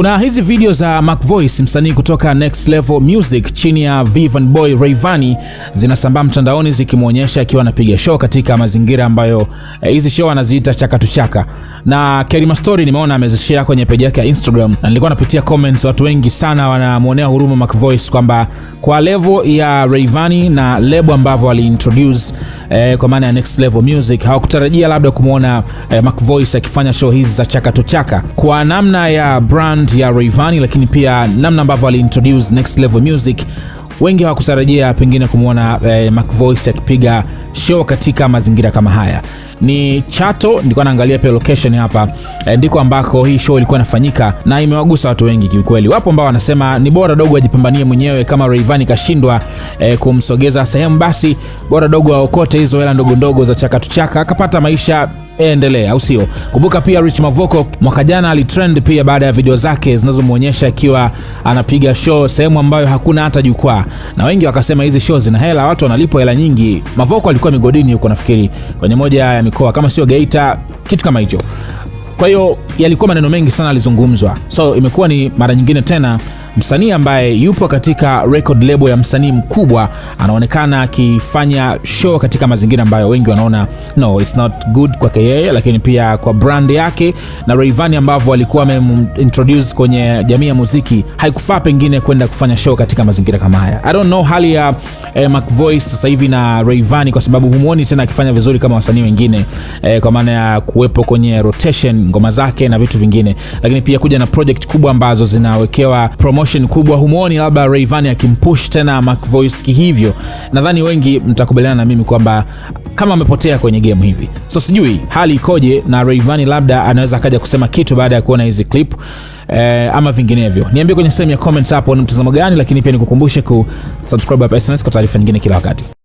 Kuna hizi video za Mac Voice, msanii kutoka Next Level Music chini ya Vivian Boy Rayvanny zinasambaa mtandaoni zikimwonyesha akiwa anapiga show katika mazingira ambayo eh, hizi eh, show anaziita chaka tu chaka. Na Kerima Story nimeona amezishare kwenye page yake ya Instagram, na nilikuwa napitia comments, watu wengi sana wanamwonea huruma Mac Voice kwamba kwa level ya Rayvanny na lebo ambavyo aliintroduce eh, kwa maana ya Next Level Music hawakutarajia labda kumwona eh, Mac Voice akifanya show hizi za chaka tu chaka kwa namna ya brand sauti ya Rayvanny, lakini pia namna ambavyo aliintroduce next level music, wengi hawakutarajia pengine kumwona eh, Macvoice akipiga show katika mazingira kama haya. Ni Chato, nilikuwa naangalia pia location hapa eh, ndiko ambako hii show ilikuwa inafanyika na imewagusa watu wengi kiukweli. Wapo ambao wanasema ni bora dogo ajipambanie mwenyewe, kama Rayvanny kashindwa eh, kumsogeza sehemu, basi bora dogo aokote hizo hela ndogo ndogo za chakatuchaka akapata maisha endelee au sio? Kumbuka pia Rich Mavoko mwaka jana alitrend pia baada ya video zake zinazomwonyesha akiwa anapiga show sehemu ambayo hakuna hata jukwaa, na wengi wakasema hizi show zina hela, watu wanalipwa hela nyingi. Mavoko alikuwa migodini huko, nafikiri kwenye moja ya mikoa kama sio Geita, kitu kama hicho. Kwa hiyo yalikuwa maneno mengi sana alizungumzwa, so imekuwa ni mara nyingine tena msanii ambaye yupo katika record label ya msanii mkubwa anaonekana akifanya show katika mazingira ambayo wengi wanaona no it's not good kwake yeye, lakini pia kwa brand yake na Rayvanny ambavyo alikuwa amemintroduce kwenye jamii ya muziki, haikufaa pengine kwenda kufanya show katika mazingira kama haya. I don't know hali ya eh, Macvoice sasa hivi na Rayvanny, kwa sababu humuoni tena akifanya vizuri kama wasanii wengine eh, kwa maana ya kuwepo kwenye rotation ngoma zake na vitu vingine, lakini pia kuja na project kubwa ambazo zinawekewa promo promotion kubwa, humuoni labda Rayvanny akimpush tena MacVoice kihivyo. Nadhani wengi mtakubaliana na mimi kwamba kama amepotea kwenye game hivi, so sijui hali ikoje na Rayvanny, labda anaweza akaja kusema kitu baada ya kuona hizi clip eh, ama vinginevyo. Niambie kwenye sehemu ya comments hapo ni mtazamo gani, lakini pia nikukumbushe subscribe hapa SnS kwa taarifa nyingine kila wakati.